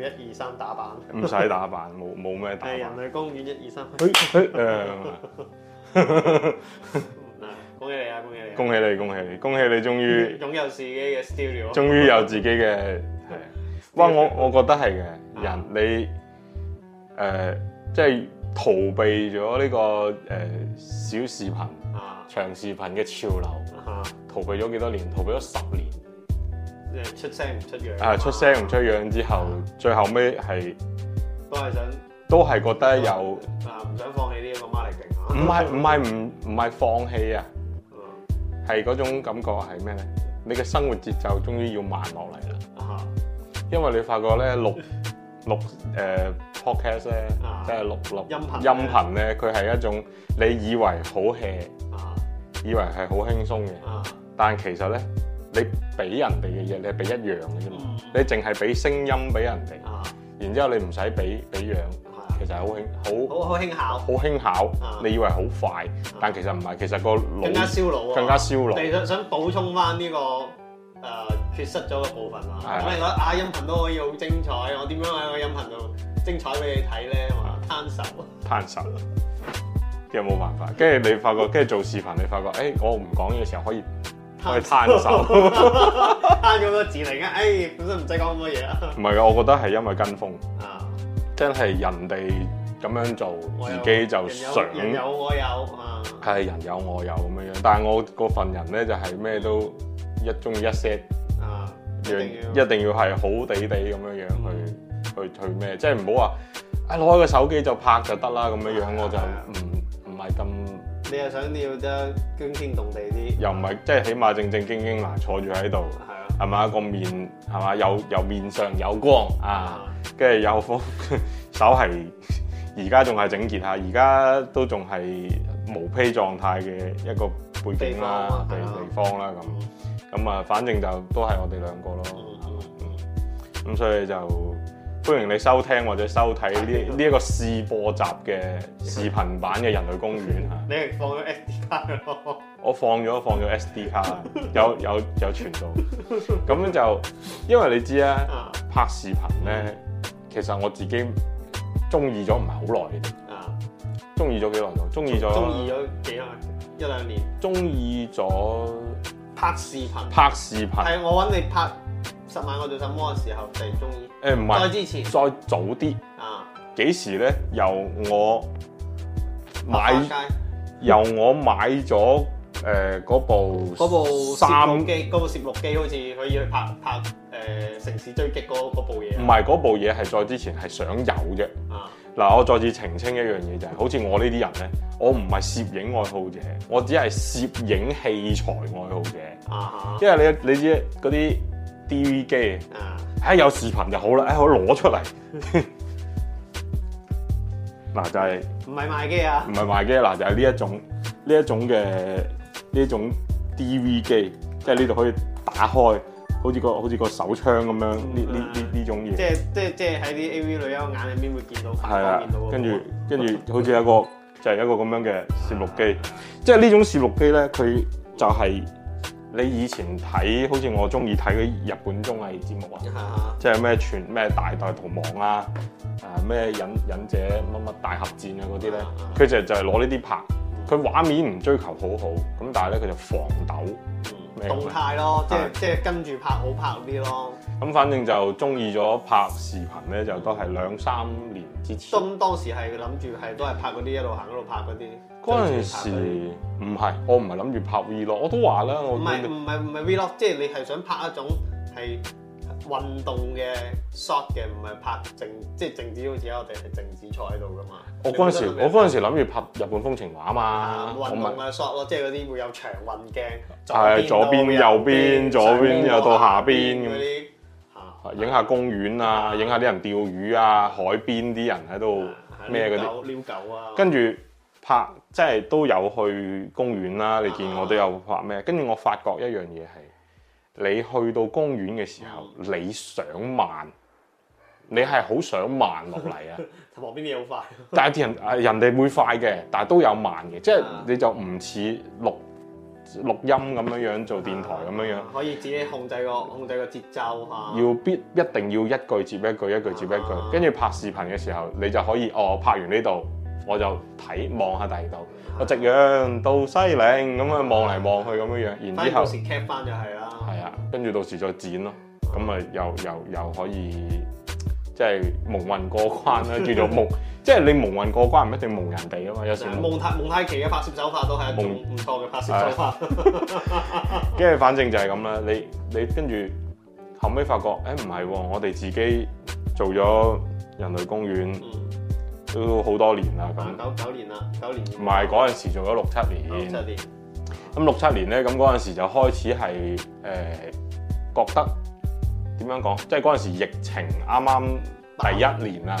一二三打扮，唔 使打扮，冇冇咩打扮。係人類公園一二三。誒、 啊，恭喜你啊，恭喜你！恭喜你，恭喜你，恭喜你，終於擁有自己嘅 studio。終於有自己嘅係，哇、 哎！我我覺得係嘅、啊、人，你誒、呃，即係逃避咗呢、這個誒、呃、小視頻、啊、長視頻嘅潮流，啊、逃避咗幾多年，逃避咗十年。即係出聲唔出樣，啊、啊出聲唔出樣之後，啊、最後尾係都係想，都係覺得有啊唔想放棄呢一個 marketing 唔係唔係唔唔係放棄啊，係、啊、嗰種感覺係咩咧？你嘅生活節奏終於要慢落嚟啦。因為你發覺咧錄、啊、錄誒 podcast 咧，即係錄錄、啊、錄錄音頻音頻咧，佢、啊、係一種你以為好 hea、啊、以為係好輕鬆嘅、啊，但其實咧。你俾人哋嘅嘢，你係俾一樣嘅啫嘛。你淨係俾聲音俾人哋、啊，然之後你唔使俾俾樣、啊，其實係好輕好好輕巧，好、啊、輕巧、啊。你以為好快、啊，但其實唔係。其實個腦更加燒腦，更加燒腦。其實想，想補充翻呢、呢個誒、呃、缺失咗嘅部分啦。咁、啊、你覺得啊音頻都可以好精彩，我點樣喺個音頻度精彩俾你睇咧？係、啊、嘛，攤手，攤手，有冇 辦法？跟住你發覺，跟住做視頻，你發覺，誒、哎，我唔講嘢嘅時候可以。佢攤手，攤咁多字嚟嘅，哎，本身唔使講咁多嘢啊。唔係啊，我覺得係因為跟風啊，真係人哋咁樣做，自己就想人有，有我有啊。係人有我有咁樣樣，啊、但係我個份人咧就係、是、咩都一中一 set 啊，一定要係好地地咁樣樣去、嗯、去去咩？即係唔好話啊攞開個手機就拍就得啦咁樣樣，我就唔唔係咁。啊你又想要即係驚天動地啲，又唔係即係起碼正正經經坐在這裡，是啊，坐住喺度，係啊，係嘛，個面，係嘛有有面上有光啊，跟、啊、住有風手係而家仲係整潔下，而家都仲係毛坯狀態嘅一個背景啦，地方、啊、地方啦咁，咁啊，反正就都係我哋兩個咯，咁、啊、所以就。歡迎你收聽或者收睇呢呢一個試播集嘅視頻版嘅《人類公園》吓。你係放咗 SD 卡咯？我放咗放咗 SD 卡， 有有有傳到。咁樣就，因為你知啦、啊，拍視頻咧、嗯，其實我自己中意咗唔係好耐嘅。啊，中意咗幾耐度？中意咗。中意咗幾耐？一兩年。中意咗拍視頻。拍視頻。係我揾你拍十萬我做神魔嘅時候，就係中意。誒唔係再之前，再早啲啊？幾時咧？由我買，啊、由我買咗誒嗰部嗰部攝錄機。嗰部攝錄機好似可以去拍拍、呃、城市追擊嗰部嘢。唔係嗰部嘢係再之前係想有啫。嗱、啊，我再次澄清一樣嘢就係，好似我呢啲人咧，我唔係攝影愛好者，我只係攝影器材愛好者。啊哈！因為你你知嗰啲。D V 機啊、哎，有視頻就好啦，哎可攞出嚟。嗱 就係唔係賣機啊？唔係賣機嗱，就係呢一種呢一種嘅呢種 D V 機，即係呢度可以打開，好似個好似個手槍咁樣呢呢呢呢種嘢。即係即係即係喺啲 A V 女優眼裏面會見到，係啊，見到。跟住跟住，好似有個就係一個咁、就是、樣嘅攝錄機，啊、即係呢種攝錄機咧，佢就係、是。你以前睇好似我中意睇嘅日本綜藝節目啊，即係咩全咩大袋逃亡啊，啊咩忍忍者乜乜大合戰啊嗰啲咧，佢就係、就係攞呢啲拍，佢畫面唔追求好好，咁但係咧佢就防抖，動態咯，即係即係跟住拍好拍啲咯。咁反正就中意咗拍視頻咧，就都係兩三年之前。咁當時係諗住係都係拍嗰啲一路行一路拍嗰啲。嗰陣時唔係，我唔係諗住拍 vlog，我都話啦，我唔係唔係唔係 vlog，即係你係想拍一種係運動嘅 shot 嘅，唔係拍靜，即係靜止，好似我哋係靜止坐喺度噶嘛。我嗰陣時，我嗰陣時諗住拍，拍日本風情畫啊嘛，運動嘅 shot 咯，即係嗰啲會有長運鏡，就係左邊、右邊、啊、左邊、邊、邊又到下邊咁。影下公園啊，影下啲人釣魚啊，海邊啲人喺度咩嗰啲，狗，狗啊。跟住拍，即係都有去公園啦、啊啊。你見我都有拍咩？跟住我發覺一樣嘢係，你去到公園嘅時候、嗯，你想慢，你係好想慢落嚟啊。旁邊啲嘢好快，但係啲人係人哋會快嘅，但係都有慢嘅、啊，即係你就唔似六。錄音咁樣樣做電台咁樣樣、啊、可以自己控制個控制個節奏吓、啊。要必一定要一句接一句，一句接一句，跟、啊、住拍視頻嘅時候，你就可以哦拍完呢度，我就睇望下第二度。個夕陽到西嶺咁啊，望嚟望去咁樣樣，然之後到時 cap 翻就係啦。係啊，跟住到時再剪咯，咁咪又又又可以。即、就、係、是、蒙混過關啦，叫、就、做、是、蒙，即 係、就是、你蒙混過關唔一定蒙人哋啊嘛，有時蒙蒙太，蒙太奇嘅拍攝手法都係一種唔錯嘅拍攝手法。跟、哎、住 反正就係咁啦，你你跟住後尾發覺，誒唔係，我哋自己做咗人類公園都好多年啦，咁九九年啦，九年唔係嗰陣時做咗六七年，六七年咁六七年咧，咁嗰陣時就開始係誒、呃、覺得。點樣講？即係嗰陣時疫情啱啱第一年啦，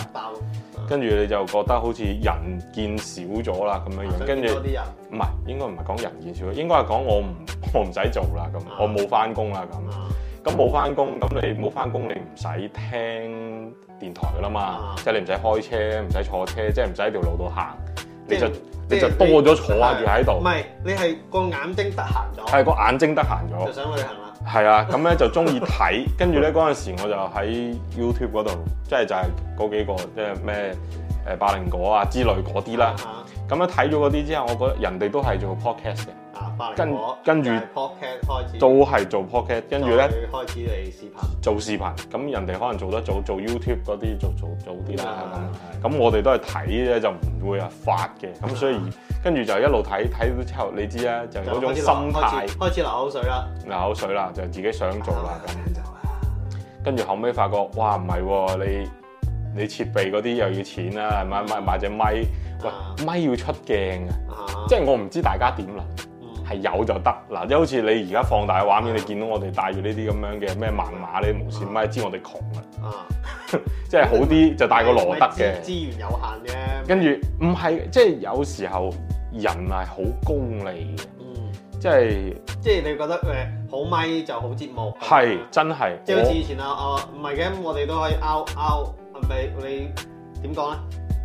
跟住、啊、你就覺得好似人見少咗啦咁樣樣，跟住唔係應該唔係講人見少咗，應該係講我唔我唔使做啦咁，我冇翻工啦咁。咁冇翻工，咁你冇翻工，你唔使聽電台㗎啦嘛，即、啊、係、就係、你唔使開車，唔使坐車，即係唔使喺條路度行，你就你，你就多咗坐住喺度。唔係你係個眼睛得閒咗，係個眼睛得閒咗，就想去行啦。係啊，咁咧就中意睇，跟住咧嗰陣時我就喺 YouTube 嗰度，即係就係、是、嗰幾個即係咩誒百靈果啊之類嗰啲啦。咁樣睇咗嗰啲之後我覺得人哋都係做 podcast 嘅。啊、跟跟住都係做 Podcast，跟住咧開始嚟視頻，做視頻咁人哋可能做得早，做 YouTube 嗰啲做做早啲啦咁。Yeah, 是是我哋都係睇啫，就唔會話發嘅。咁、yeah. 所以跟住就一路睇睇到之後，你知啦，就嗰種心態開，開，開始流口水啦，流口水啦，就自己想做啦咁。Yeah. Yeah. 跟住後尾發覺，哇唔係、啊、你你設備嗰啲又要錢啦、yeah.，買買買隻咪喂咪要出鏡嘅、yeah. 啊，即係我唔知大家點諗。係有就得嗱，即好似你而家放大嘅畫面，你見到我哋帶住呢啲咁樣嘅咩漫畫你啲無線咪，知我哋窮啊！啊，即係、啊、好啲就帶個羅德嘅資源有限嘅。跟住唔係，即、就、係、是、有時候人係好功利嘅，即係即係你覺得誒、哎、好咪就好節目，係、嗯、真係。即係好似以前啊啊，唔係嘅，我哋、哦、都可以拗拗。係咪？你你點講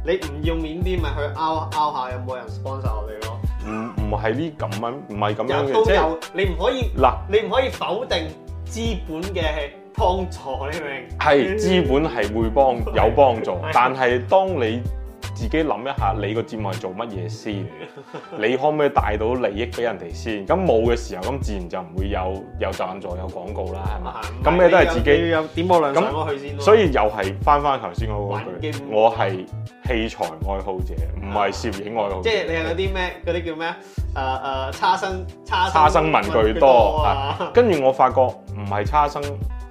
咧？你唔要面啲，咪去拗拗下有冇人 sponsor 我哋咯。唔唔係呢咁樣，唔係咁樣嘅，即、係、你唔可以嗱，你唔可以否定資本嘅幫助，你明唔明？係資本係會幫 有幫助， 但係當你。自己諗一下，你個節目係做乜嘢先？ 你可唔可以帶到利益俾人哋先？咁冇嘅時候，咁自然就唔會有有贊助有廣告啦，係咪？咁 咩都係自己，自己點播量上咗去先，啊。所以又係翻翻頭先嗰句，我係器材愛好者，唔係攝影愛好者。啊啊、即係你係啲咩嗰啲叫咩？誒、呃、誒，差生差生。差生文，文具多，啊啊、跟住我發覺唔係差生，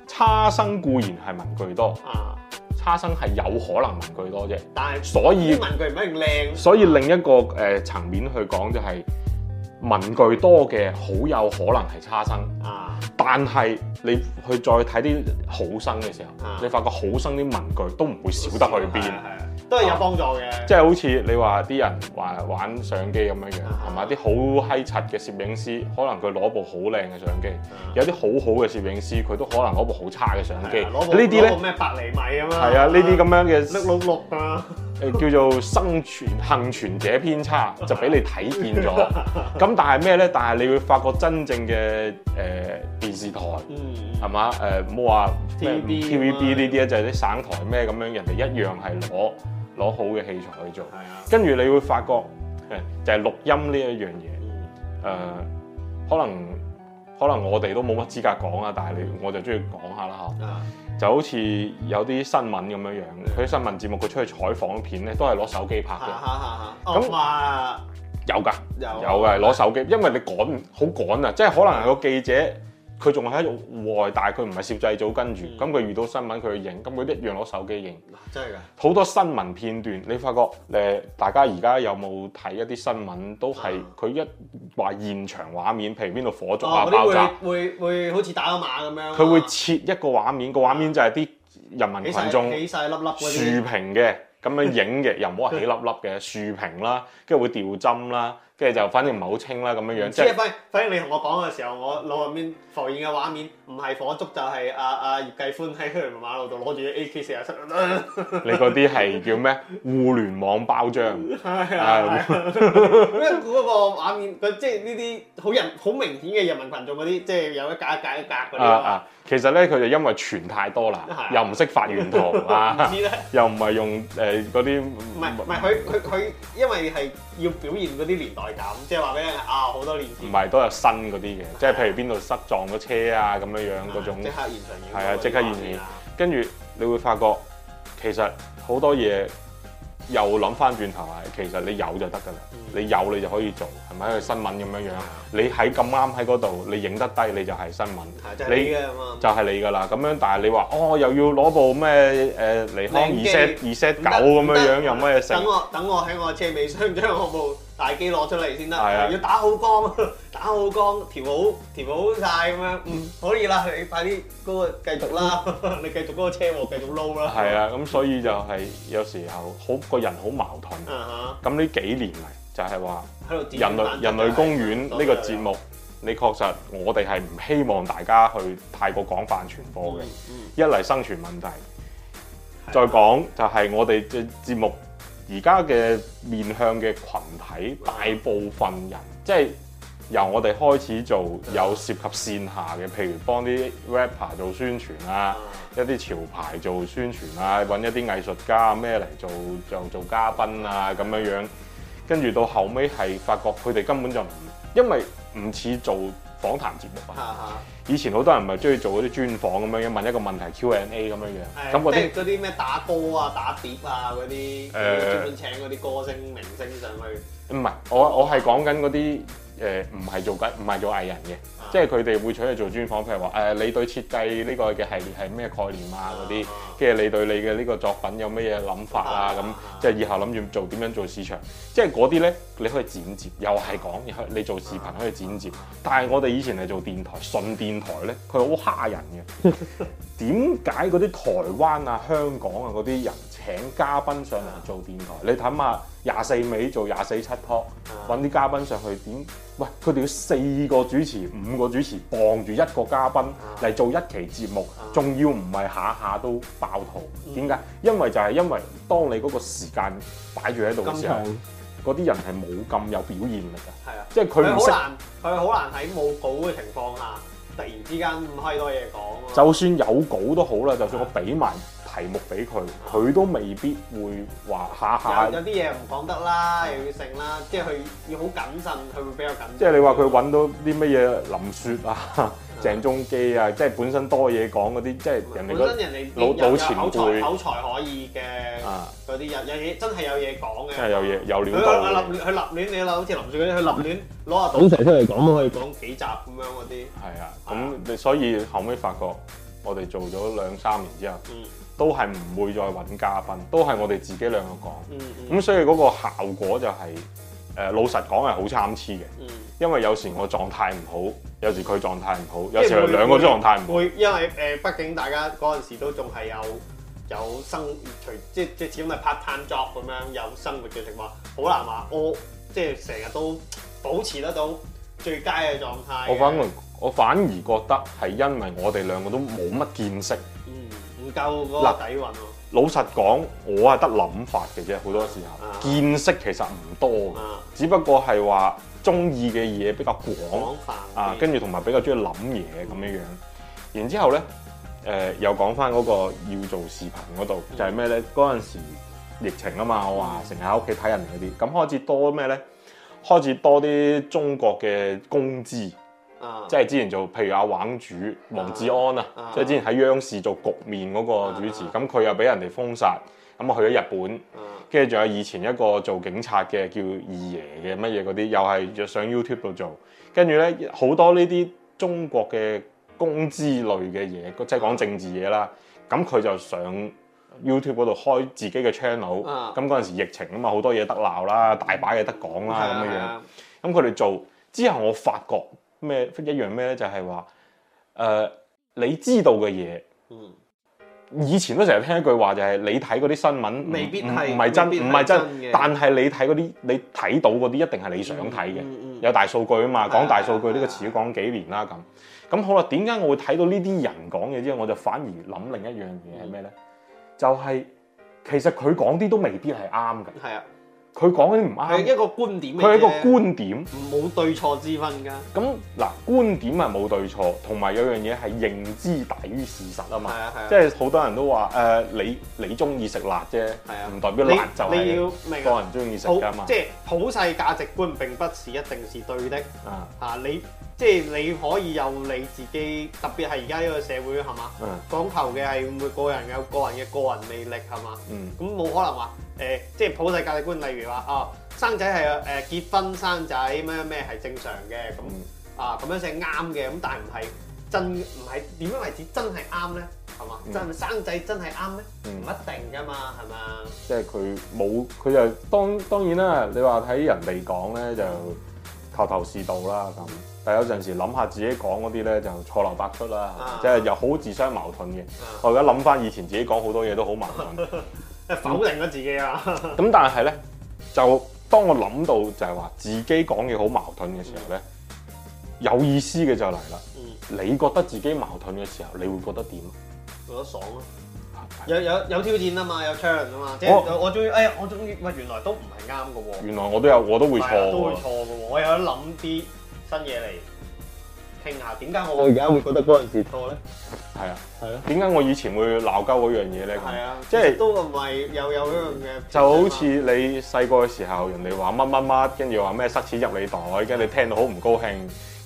差生固然係文具多。啊差生係有可能文具多啫，但係所以文具唔一定靚。所以另一個誒層、嗯呃、面去講就係、是。文具多嘅好有可能係差生，啊！但係你去再睇啲好生嘅時候、啊，你發覺好生啲文具都唔會少得去邊，係啊，都係有幫助嘅。即、啊、係、就是、好似你話啲人話玩相機咁樣樣，係、啊、嘛？啲好閪柒嘅攝影師，可能佢攞部好靚嘅相機；啊、有啲好好嘅攝影師，佢都可能攞部好差嘅相機。攞部攞部咩百厘米咁樣啊？係啊，呢啲咁樣嘅碌碌碌啊！誒、呃、叫做生存幸存者偏差，就俾你睇見咗。咁但係咩咧？但係你會發覺真正嘅誒、呃、電視台，係、嗯呃、TV 嘛？誒冇話 TVB 呢啲啊，就係、是、啲省台咩咁樣，人哋一樣係攞攞好嘅器材去做。係啊，跟住你會發覺、呃、就係、是、錄音呢一樣嘢。誒、呃，可能可能我哋都冇乜資格講啊，但係你我就中意講下啦嚇。就好似有啲新聞咁樣樣，佢啲新聞節目佢出去採訪片咧，都係攞手機拍嘅。咁 啊、哦，有㗎，有有嘅攞手機，因為你趕，好趕啊！即係可能係個記者。 佢仲係一種外，但係佢唔係攝製組跟住，咁佢遇到新聞佢去影，咁佢一樣攞手機影，真係㗎。好多新聞片段，你發覺誒，大家而家有冇睇一啲新聞都係佢一話現場畫面，譬如邊度火燭啊、爆炸，會會，會好似打個碼咁樣。佢會切一個畫面，個畫面就係啲人民羣眾起晒粒粒，樹屏嘅咁樣影嘅， 又唔好話起粒粒嘅樹屏啦，跟住會掉針啦。跟住就反正唔係好清啦，咁樣樣，即係反反正你同我講嘅時候，我腦入面浮現嘅畫面唔係火燭就係阿阿葉繼歡喺鄉村馬路度攞住啲 AK 四啊七。你嗰啲係叫咩？ 互聯網包裝。係 啊、哎，因為嗰個畫面，即係呢啲好人好明顯嘅人民群眾嗰啲，即係有一格一格一格嗰啲。啊啊其實咧，佢就因為傳太多啦，又唔識發原圖啊，又唔係、 啊、用誒嗰啲。唔係唔係，佢佢佢，是是因為係要表現嗰啲年代感，即係話俾你啊，好多年前。唔係，都有新嗰啲嘅，即係譬如邊度塞撞咗車啊咁樣樣嗰種，即刻現場演。係啊，即刻現場演。跟住、啊啊啊啊、你會發覺，其實好多嘢。又諗翻轉頭，其實你有就得㗎啦，你有你就可以做，係咪新聞咁樣樣，你喺咁啱喺嗰度，你影得低你就係新聞，就係、你，你就係你㗎啦。咁樣，但係你話哦，又要攞部咩尼康二 set 二 set 九咁樣樣又乜嘢食？等我等我喺我車尾箱將我部。大機攞出嚟先得，係啊，要打好光，打好光，調好調好晒。咁樣，嗯，可以啦，你快啲嗰個繼續啦，你繼續嗰個車喎，繼續撈啦。係啊，咁所以就係有時候好個人好矛盾。咁呢，uh-huh. 幾年嚟就係話人類人類公園呢個節目，你確實我哋係唔希望大家去太過廣泛傳播嘅。Uh-huh. 一嚟生存問題，uh-huh. 再講就係我哋嘅節目。而家嘅面向嘅群體，大部分人即係由我哋開始做，有涉及線下嘅，譬如幫啲 rapper 做宣傳啊，一啲潮牌做宣傳啊，揾一啲藝術家咩嚟做做做嘉賓啊咁樣樣，跟住到後尾，係發覺佢哋根本就唔，因為唔似做訪談節目啊。哈哈以前好多人咪中意做嗰啲專訪咁樣樣，問一個問題 Q&A 咁樣樣，咁我哋嗰啲咩打歌啊、打碟啊嗰啲、呃，專門請嗰啲歌星明星上去。唔係，我我係講緊嗰啲。誒唔係做緊，唔係做藝人嘅，即係佢哋會取去做專訪，譬如話誒、呃，你對設計呢個嘅系列係咩概念啊嗰啲，即係你對你嘅呢個作品有咩嘢諗法啊咁，即係以後諗住做點樣做市場，即係嗰啲咧，你可以剪接，又係講，你做視頻可以剪接，但係我哋以前係做電台，純電台咧，佢好蝦人嘅，點解嗰啲台灣啊、香港啊嗰啲人，請嘉賓上嚟做電台，啊、你睇下廿四尾做廿四七 talk，揾啲嘉賓上去點。喂，佢哋要四個主持、五個主持，傍住一個嘉賓嚟、啊、做一期節目，仲、啊、要唔係下下都爆肚？點、嗯、解？因為就係因為當你嗰個時間擺住喺度嘅時候，嗰啲人係冇咁有表現力㗎。係啊，即係佢唔識，佢好難喺冇稿嘅情況下，突然之間開多嘢講、啊。就算有稿都好啦，就算我俾埋。題目俾佢，佢都未必會話下下。有啲嘢唔講得啦，又要剩啦，即係佢要好謹慎，佢會比較謹慎。即係你話佢揾到啲乜嘢？林雪啊，鄭中基啊，即係本身多嘢講嗰啲，即係、就是、人哋本身人哋老老前輩口才可以嘅，嗰啲有有嘢真係有嘢講嘅。真係有嘢有料。佢立亂你啦，好似林雪嗰啲，佢立亂攞阿賭石出嚟講，可以講幾集咁樣嗰啲。係啊，咁你所以後尾發覺我哋做咗兩三年之後。嗯。都係唔會再揾嘉賓，都係我哋自己兩個講。咁、嗯嗯、所以嗰個效果就係、是、誒、呃、老實講係好參差嘅、嗯。因為有時候我狀態唔好，有時佢狀態唔好、嗯，有時候兩個狀態唔好,會,會。因為誒，畢、呃、竟大家嗰陣時都仲係有有生活，隨即即似咁係 part time job 咁樣有生活嘅情況，好難話我即係成日都保持得到最佳嘅狀態的。我反而我反而覺得係因為我哋兩個都冇乜見識。唔夠嗰個底蘊。老實講，我係得諗法嘅啫，好多時候、啊、見識其實唔多嘅、啊，只不過係話中意嘅嘢比較廣啊，跟住同埋比較中意諗嘢咁樣樣。然之後咧，誒、呃、又講翻嗰個要做視頻嗰度，就係咩咧？嗰、嗯、陣時候疫情啊嘛，我話成日喺屋企睇人嗰啲，咁開始多咩咧？開始多啲中國嘅公知。即係之前做，譬如阿玩主王志安啊，即係之前喺央視做局面嗰個主持，咁、啊、佢又俾人哋封殺，咁啊去咗日本，跟住仲有以前一個做警察嘅叫二爺嘅乜嘢嗰啲，又係上 YouTube 度做，跟住咧好多呢啲中國嘅公資類嘅嘢，即係講政治嘢啦，咁、啊、佢就上 YouTube 嗰度開自己嘅 channel，咁嗰陣時疫情啊嘛，好多嘢得鬧啦，大把嘢得講啦咁嘅樣，咁佢哋做之後我發覺。咩一樣咩咧？就係、是、話，誒、呃，你知道嘅嘢，嗯，以前都成日聽一句話，就係你睇嗰啲新聞未未未，未必係，唔係真，唔係真，真，但係你睇啲，你睇到嗰啲一定係你想睇嘅、嗯嗯嗯，有大數據啊嘛，講大數據呢、啊呢個詞都講幾年啦，咁，咁好啦，點解我會睇到呢啲人講嘢之後，我就反而諗另一樣嘢係咩咧？就係、是、其實佢講啲都未必係啱嘅。係啊。佢講啲唔啱，佢係一、一個觀點，佢係一個觀點，冇對錯之分噶。咁嗱，觀點啊冇對錯，同埋有樣嘢係認知大於事實啊嘛。即係好多人都話誒、呃，你你中意食辣啫，唔、啊、代表辣就你你要，個人中意食噶嘛。即係普世價值觀並不是一定係對的。啊，啊你。即係你可以有你自己，特別係而家呢個社會係嘛，嗯？講求嘅係每個人有個人嘅個人魅力係嘛？咁冇、嗯、可能話誒、呃，即係普世價值觀，例如話、哦呃嗯、啊，生仔係誒結婚生仔咩咩係正常嘅，咁啊咁樣先啱嘅咁，但係唔係真唔係點樣為止真係啱咧係嘛？真係生仔真係啱咩？唔一定噶嘛係咪？即係佢冇佢就當當然啦。你話睇人哋講咧就頭頭是道啦咁。但有陣時諗下自己講嗰啲咧，就錯漏百出啦，即、啊、係、就是、又好自相矛盾嘅、啊。我而家諗翻以前自己講好多嘢都好矛盾，呵呵否定咗自己啊！咁但係咧，就當我諗到就係話自己講嘢好矛盾嘅時候咧、嗯，有意思嘅就嚟啦、嗯。你覺得自己矛盾嘅時候，你會覺得點？覺得爽咯、啊！有有有挑戰啊嘛，有 challenge 啊嘛。啊就是、我我終於，哎，我終於，唔原來都唔係啱嘅喎。原來我都有，我都會錯、啊，都會錯嘅喎。我有得諗啲。新嘢嚟傾下，點解我而家會覺得嗰陣時拖咧？係啊，係咯，點解我以前會鬧交嗰樣嘢咧？係啊，即係都唔係有有嗰樣嘅，就好似你細個嘅時候，人哋話乜乜乜，跟住話咩塞錢入你袋，跟住你聽到好唔高興。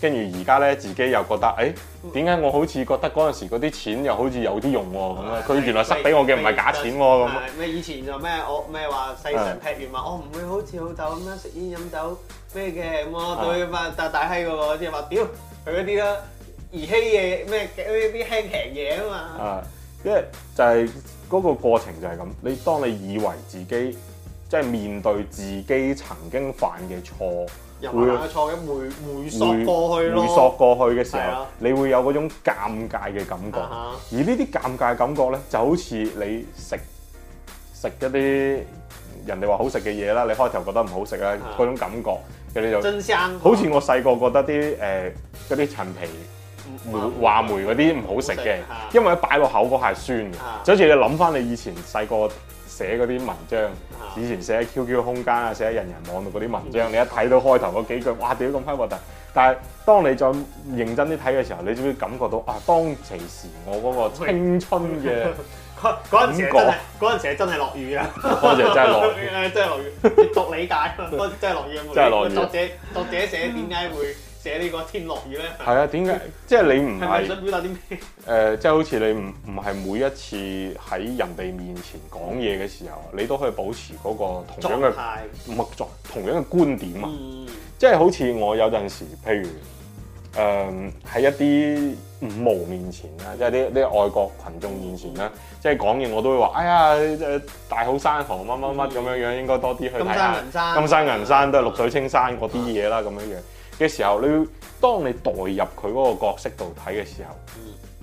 跟住而家咧，自己又覺得，誒點解我好似覺得嗰陣時嗰啲錢又好似有啲用喎咁啊？佢、哎哎、原來塞俾我嘅唔係假錢喎、啊、咁。唔、哎哎、以前就咩我咩話世上劈完、哎、嘛，我唔會好似老豆咁樣食煙飲酒咩嘅，咁我對翻大大閪嘅即係話屌佢嗰啲咯兒戲嘅，咩嗰啲輕騎嘢啊嘛。啊，因為就係、是、嗰個過程就係咁，你當你以為自己即係、就是、面對自己曾經犯嘅錯。入埋去坐嘅，回回縮過去，回溯過去嘅時候，啊、你會有嗰種尷尬嘅感覺。啊、而呢啲尷尬感覺咧，就好似你食食一啲人哋話好食嘅嘢啦，你開頭覺得唔好食啊，嗰種感覺，佢哋就真香、啊就。好似我細個覺得啲誒嗰啲陳皮梅話梅嗰啲唔好食嘅，因為擺落口嗰係酸嘅，啊、就好似你諗翻你以前細個寫嗰啲文章，以前寫喺 QQ 空間啊，寫喺人人網度嗰啲文章，你一睇到開頭嗰幾句，哇！屌咁閪核突，但係當你再認真啲睇嘅時候，你就會感覺到啊？當其時我嗰個青春嘅感覺嗰嗰陣時係真係真係落雨啊！嗰 陣時係真係落雨， 真係落下雨，你 下 讀理解咯，真係落雨啊！作者作者寫點解會？寫呢個天落雨咧，係啊？點解？即、就、係、是、你唔係 想表達啲咩？誒、呃，即、就、係、是、好似你唔唔係每一次喺人哋面前講嘢嘅時候，你都可以保持嗰個同樣嘅態度、同樣嘅觀點啊！即、嗯、係、就是、好似我有陣時，譬如誒喺、呃、一啲五毛面前啦，即係啲啲外國群眾面前啦，即、就、係、是、講嘢，我都會話：哎呀，誒大好山河乜乜乜咁樣樣、嗯，應該多啲去睇下金山銀山、金山銀山都係綠水青山嗰啲嘢啦，咁、嗯、樣樣。嘅時候，你當你代入佢嗰個角色度睇嘅時候，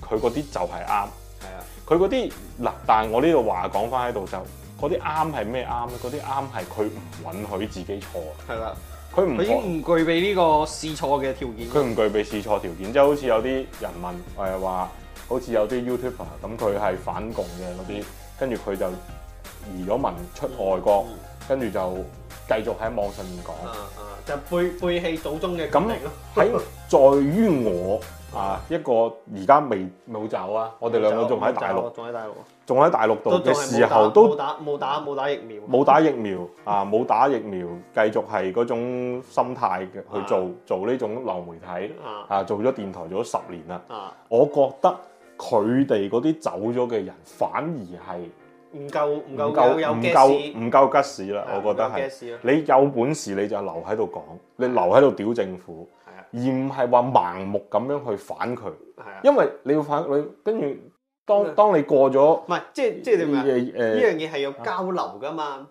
佢嗰啲就係啱。係啊、嗯，佢嗰啲嗱，但我呢度話講翻喺度就，嗰啲啱係咩啱咧？嗰啲啱係佢唔允許自己錯。係啦，佢唔佢已經唔具備呢個試錯嘅條件。佢唔具備試錯條件，即、就是、好似有啲人問誒話，好似有啲 YouTuber 咁，佢係反共嘅嗰啲，跟住佢就移咗民出外國，跟、嗯、住就。繼續喺網上面講，啊啊，就係，背背棄祖宗嘅決定咯。喺在於我啊，啊，一個而家未冇走啊，走我哋兩個仲喺大陸，仲喺大陸，仲喺大陸度嘅時候都冇打冇打冇打，打疫苗，冇打疫苗啊冇打疫苗，繼、 啊、續係嗰種心態嘅去做，啊、做呢種流媒體啊，啊，做咗電台做咗十年啦、啊。我覺得佢哋嗰啲走咗嘅人，反而係。唔夠唔夠唔夠唔夠，夠，夠吉屎啦，我覺得係。你有本事你就留喺度講，你留喺度屌政府，係而唔係話盲目咁樣去反佢。因為你要反你，跟住當當你過咗，唔係即係即係你話呢樣嘢係、呃、要交流㗎嘛？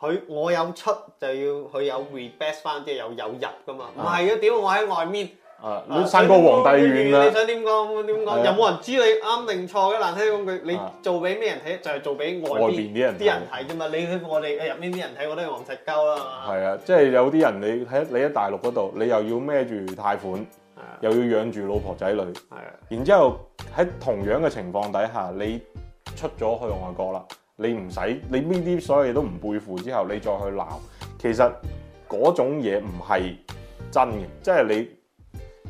佢、啊、我有出就要佢有 rebase 翻，即係有有入㗎嘛？唔係要屌我喺外面。啊，新啊，啊！你山高皇帝遠啦！你想點講？點講、啊啊？有冇人知你啱定錯嘅？難聽啲講句，你做俾咩人睇、啊？就係、是、做俾外邊啲人睇啫嘛！你我哋入面啲人睇，我都望實夠啦。係啊，即、啊、係、啊啊就是、有啲人你喺你喺大陸嗰度，你又要孭住貸款、啊，又要養住老婆仔女，啊、然之後喺同樣嘅情況底下，你出咗去外國啦，你唔使你呢啲所有嘢都唔背負之後，你再去鬧，其實嗰種嘢唔係真嘅，即係你。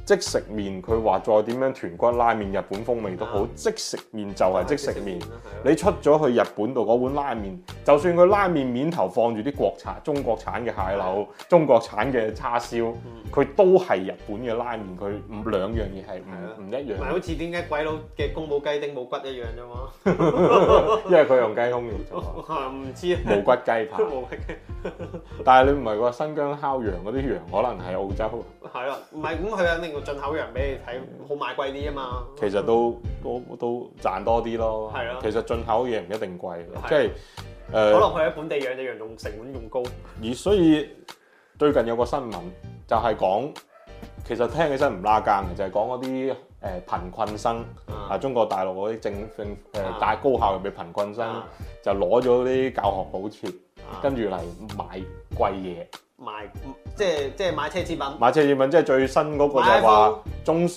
即食麵，佢話再點樣豚骨拉麵、日本風味都好。嗯、即食麵就係即食麵。你出咗去日本度嗰碗拉麵，就算佢拉麵面面頭放住啲國茶、中國產嘅蟹柳、中國產嘅叉燒，佢都係日本嘅拉麵。佢兩樣嘢係唔一樣。唔係好似點解鬼佬嘅宮保雞丁冇骨一樣啫嘛？ 因為佢用雞胸嚟做。我唔知冇骨雞排。冇骨雞。 但係你唔係話新疆烤羊嗰啲羊可能係澳洲？係啊，唔係咁係肯定。 進口羊俾你睇，好買貴啲啊嘛！其實都都都賺多啲咯。係啊，其實進口嘢唔一定貴，啊、即係誒、呃。可能佢喺本地養嘅羊，用成本用高。而所以最近有個新聞就係、是、講，其實聽起身唔拉更嘅，就係、是、講嗰啲誒貧困生啊、嗯，中國大陸嗰啲正，正誒大高校入邊貧困生、嗯、就攞咗啲教學補貼，跟住嚟買貴嘢。買即係即係買奢侈品，品，買奢侈品即係最新嗰個就話中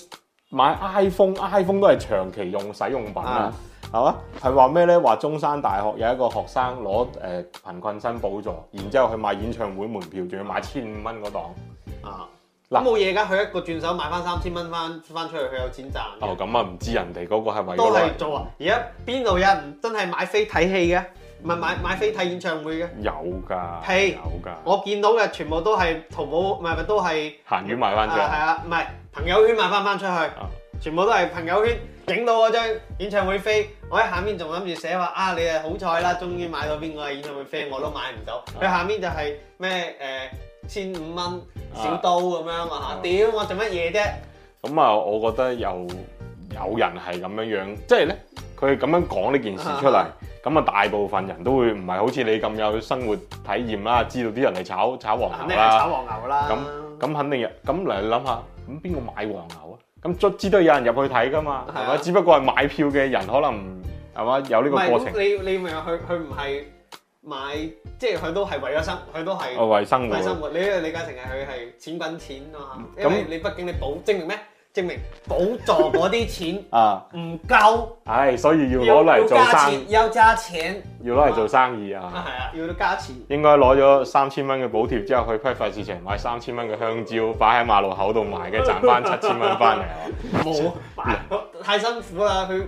買 iPhone，iPhone iPhone，iPhone 都係長期用使用品啊，係、嗯、嘛？係話咩咧？話中山大學有一個學生攞誒貧困生補助，然之後去買演唱會門票，仲要買千五蚊嗰檔啊！嗱冇嘢噶，佢一個轉手買翻三千蚊，翻翻出去佢有錢賺。哦，咁、嗯、啊，唔知人哋嗰個係咪咗嚟做啊？而家邊度有人真係買飛睇戲嘅？唔係買買飛睇演唱會嘅，有㗎，有㗎。我見到嘅全部都係淘寶，唔係咪都係閒魚賣翻出去，係啊，唔係朋友圈賣翻翻出去，全部都係朋友圈影到嗰張演唱會飛，我喺下面仲諗住寫話啊，你啊好彩啦，終於買到邊個嘅演唱會飛，我都買唔到。佢下面就係咩誒千五蚊小刀咁樣啊嚇，屌我做乜嘢啫？咁啊，我覺得有。有人係咁樣樣，即係咧，佢咁樣講呢件事出嚟，咁、嗯、啊大部分人都會唔係好似你咁有生活體驗啦，知道啲人嚟炒炒黃，炒黃牛啦，炒黃牛啦，咁咁肯定又咁嚟你諗下，咁邊個買黃牛啊？咁卒之都有人入去睇噶嘛，係、嗯、咪？只不過係買票嘅人可能係嘛有呢個過程。不你你明佢佢唔係買，即係佢都係為咗生，佢都係為生活為生活。你呢個理解成係佢係錢滾錢啊嘛、嗯，因為你畢竟你保精嘅咩？證明補助啲錢啊唔夠 唉，所以要攞嚟做生意，要加錢，要攞嚟做生意啊，係啊，要加錢。應該攞咗三千蚊嘅補貼之後去批發市場買三千蚊嘅香蕉，擺喺馬路口度賣嘅，賺翻七千蚊翻嚟。冇 太辛苦啦，佢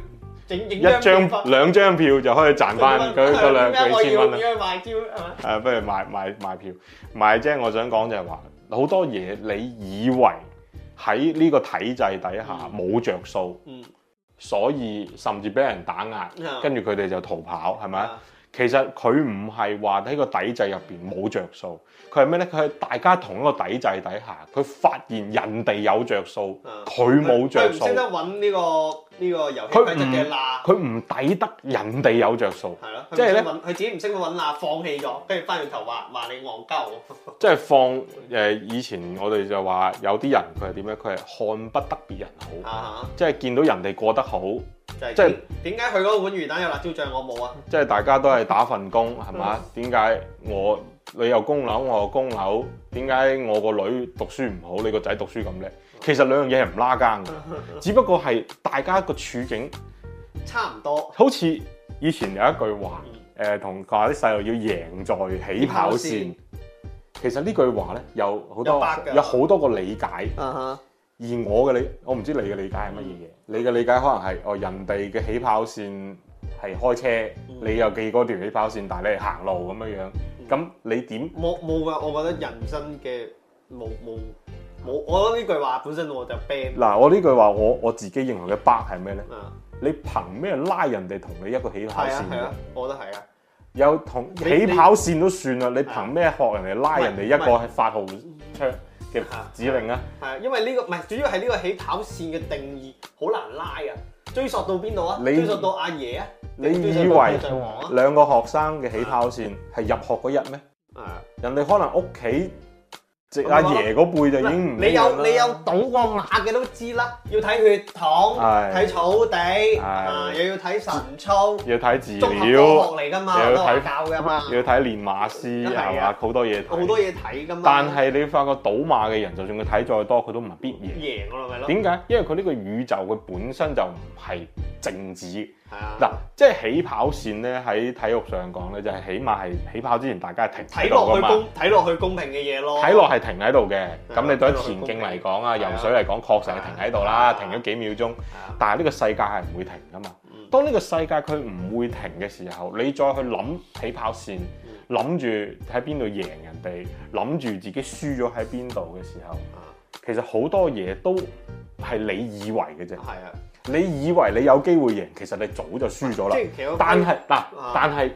整整一張兩張票就可以賺翻嗰嗰兩幾千蚊啦。應該賣票係咪？係不如賣賣賣票，賣即係我想講就係話，好多嘢你以為。喺呢個體制底下冇著數，所以甚至俾人打壓，跟住佢哋就逃跑，係、嗯、咪？其實佢唔係話喺個體制入邊冇着數，佢係咩咧？佢係大家同一個體制底下，佢發現人哋有着數，佢冇着數。佢唔識得揾呢個。呢、這個遊戲規則嘅罅，佢唔抵得人哋有着數。係咯，即係咧，佢、就是、自己唔識揾罅，放棄咗，跟住翻轉頭話話你憨鳩。即係放誒，以前我哋就話有啲人佢係點咧？佢係看不得別人好，即係、就是、見到人哋過得好，即係點解佢嗰碗魚蛋有辣椒醬我冇啊？即、就、係、是、大家都係打份工係嘛？點解 我你又供樓我又供樓？點解我個女讀書唔好你個仔讀書咁叻？其實兩樣嘢係唔拉更嘅， 只不過係大家個處境差唔多，好似以前有一句話，誒同話啲細路要贏在起跑線。其實呢句話咧有好多有好多個理解，uh-huh、而我嘅理我唔知你嘅理解係乜嘢嘢？你嘅理解可能係哦人哋嘅起跑線係開車、嗯，你又記嗰條起跑線，但係你係行路咁樣、嗯、樣，咁你點？冇冇㗎？我覺得人生嘅路冇冇。我，我覺得呢句話本身我就 ban 嗱，我呢句話我我自己認為嘅 bug 係咩咧？你憑咩拉人哋同你一個起跑線嘅？我覺得係啊。有同起跑線都算啦，你憑咩學人哋拉人哋一個發號槍嘅指令啊？係啊，啊、這個、啊，因為呢、這個唔係主要係呢個起跑線嘅定義好難拉啊！追溯到邊度啊？你追溯到阿爺啊？你以為兩個學生嘅起跑線係入學嗰日咩？啊，人哋可能屋企。阿、啊、爺嗰輩就已經唔，你有你有賭過馬嘅都知啦，要睇血統，睇草地，啊、呃、又要睇晨操，要睇資料，綜合科學嚟噶嘛，又要睇教嘅嘛，又要睇練馬師，係嘛，好多嘢好多嘢睇噶嘛。但係你發覺賭馬嘅人，就算佢睇再多，佢都唔係必然贏咯，咪咯。點解？因為佢呢個宇宙佢本身就唔係靜止。嗱、啊，即係起跑線咧，喺體育上講咧，就係、是、起碼係起跑之前，大家係停睇落去公睇落去公平嘅嘢咯。睇落係停喺度嘅，咁、啊、你對於田徑嚟講啊，游水嚟講，確實係停喺度啦，啊啊、停咗幾秒鐘、啊。但係呢個世界係唔會停噶嘛。當呢個世界佢唔會停嘅時候，你再去諗起跑線，諗住喺邊度贏人哋，諗住自己輸咗喺邊度嘅時候，其實好多嘢都係你以為嘅啫。係啊。你以為你有機會贏，其實你早就輸咗啦、啊。但係嗱、啊，但係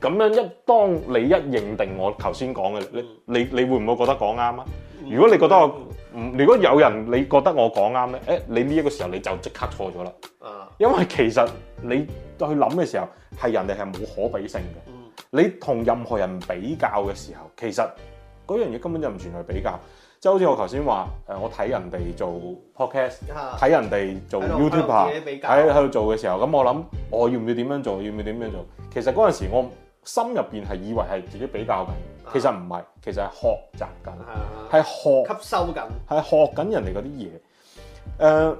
咁、啊、樣一當你一認定我頭先講嘅，你你會唔會覺得講啱啊？如果你覺得我、嗯、如果有人你覺得我講啱咧，誒，你呢一個時候你就即刻錯咗啦、啊。因為其實你去諗嘅時候，係人哋係冇可比性嘅、嗯。你同任何人比較嘅時候，其實嗰樣嘢，根本就唔存在比較。即係好似我頭先話，誒我睇人哋做 podcast，睇人哋做 YouTube 喺喺度做嘅時候，咁我諗我要唔要點樣做，要唔要點樣做？其實嗰陣時我心入邊係以為係自己比較緊、啊，其實唔係，其實係學習緊，係學吸收緊，係學緊人哋嗰啲嘢。誒、呃，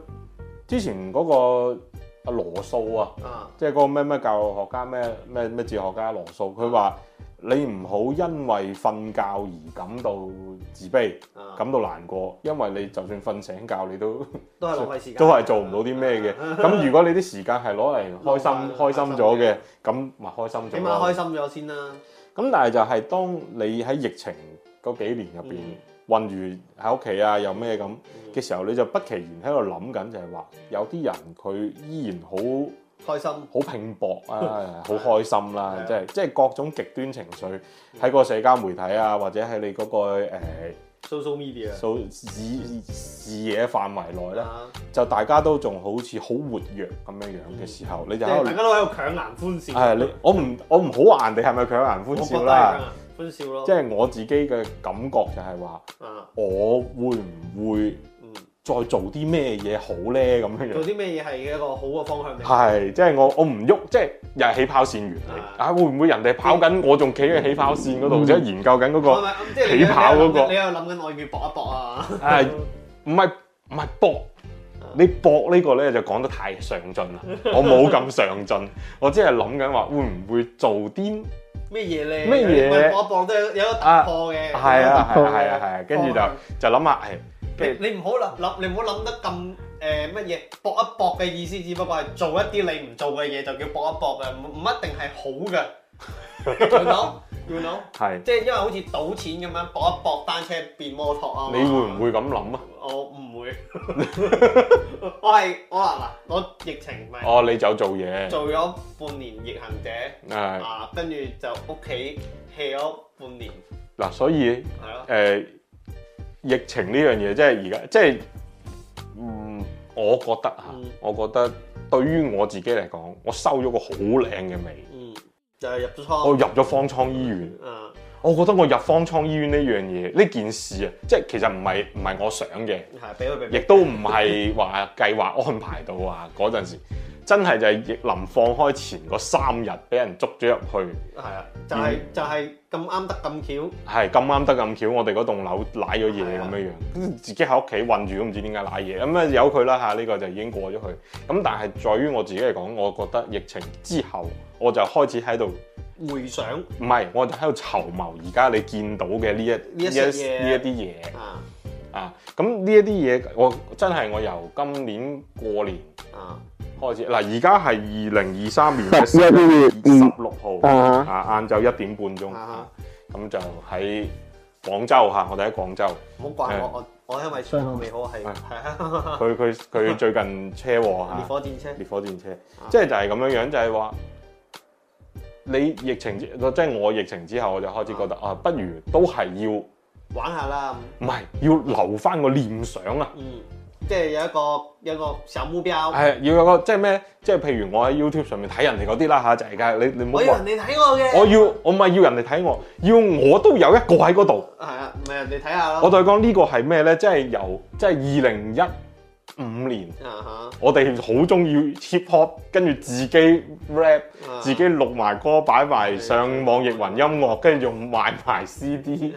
之前嗰個阿羅素啊，即係嗰個咩咩教育學家，咩咩咩哲學家羅素，佢話，你唔好因為瞓覺而感到自卑、啊、感到難過，因為你就算瞓醒覺，你都都係浪費時間，都係做唔到啲咩嘅。咁、啊、如果你啲時間係攞嚟開心，啊啊、開心咗嘅，咁咪開心咗、啊。起碼開心咗先啦。咁但係就係當你喺疫情嗰幾年入邊、嗯、困住喺屋企啊，有咩咁嘅時候，你就不其然喺度諗緊，就係話有啲人佢依然好。開心，好拼搏啊，好開心啦、啊！即係即係各種極端情緒喺個社交媒體啊，或者喺你嗰、那個誒、欸、social media 視視野範圍內咧，就大家都仲好似好活躍咁樣樣嘅時候，嗯、你就、就是、大家都喺度強顏歡笑。係你我唔我唔好話人哋係咪強顏歡笑啦，歡笑咯。即、就、係、是、我自己嘅感覺就係話、嗯，我會唔會？再做啲咩嘢好咧？咁樣做啲咩嘢係一個好嘅方向？係，即係我我唔喐，即係又係起跑線原理啊，啊！會唔會人哋跑緊，我仲企喺起跑線嗰度，即、嗯、者、啊嗯、研究緊嗰個起跑嗰、那個嗯那個？你又諗緊外面搏一搏啊？係、啊，唔係唔係搏，你搏呢個咧就講得太上進啦！ 我冇咁上進，我只係諗緊話會唔會做啲咩嘢咧？咩嘢搏一搏都有有個突破嘅，係啊係啊係啊，跟住、啊啊啊啊啊啊啊啊、就就諗下係。你你唔好諗諗，你唔好諗得咁誒乜嘢搏一搏嘅意思，只不過係做一啲你唔做嘅嘢就叫搏一搏嘅，唔唔一定係好嘅。you know？you know？係，即係因為好似賭錢咁樣搏一搏，單車變摩托啊！你會唔會咁諗啊？我唔會，我係我話嗱，我疫情咪哦，你就做嘢，做咗半年逆行者，啊，跟住就屋企棄咗半年，嗱，所以係咯，誒。疫情呢樣嘢，即係而家，即係，嗯，我覺得嚇，我覺得對於我自己嚟講，我收咗個好靚嘅尾，嗯，就係、是、入咗倉，我入咗方艙醫院，嗯，嗯，我覺得我入方艙醫院呢樣嘢，呢件事啊，即係其實唔係唔係我想嘅，係俾佢俾，亦都唔係話計劃安排到啊嗰陣時。真係就係疫臨放開前嗰三日，俾人捉咗入去。係啊，就係、是、就係咁啱得咁巧。係咁啱得咁巧，巧，我哋嗰棟樓瀨咗嘢咁樣樣，自己喺屋企困住都唔知點解瀨嘢咁啊，由佢啦嚇。呢個就已經過咗去了。咁但係在於我自己嚟講，我覺得疫情之後，我就開始喺度回想，唔係我就喺度籌謀。而家你見到嘅呢一呢一啲嘢，啊咁呢一啲嘢，我真係我由今年過年啊。開始嗱，而家係二零二三年十一月十六號啊，晏晝一點半鐘咁、嗯嗯嗯嗯嗯、就喺廣州嚇，我哋喺廣州。唔好怪我，嗯、我我因為傷口未好，係係佢佢佢最近車禍嚇、嗯。烈火戰車，烈火戰車，即、啊、係就係咁樣樣，就係、是、話你疫情即係、就是、我疫情之後，我就開始覺得、嗯、啊，不如都係要玩下啦。唔係要留返個念想啊。嗯即係有一個有一個小目標，係要有個即係咩，即係譬如我喺 YouTube 上面睇人哋嗰啲啦嚇，就而、是、家你你唔好話，我要你睇我嘅，我要我唔係要人哋睇我，要我都有一個喺嗰度。係啊，咪人哋睇下咯。我對講呢個係咩咧？即係由即係二零一五年，uh -huh. 我哋好中意 hip hop，跟住自己 rap，、uh -huh. 自己錄埋歌，擺埋上，上網易雲、uh -huh. 音樂，跟住用買埋 CD，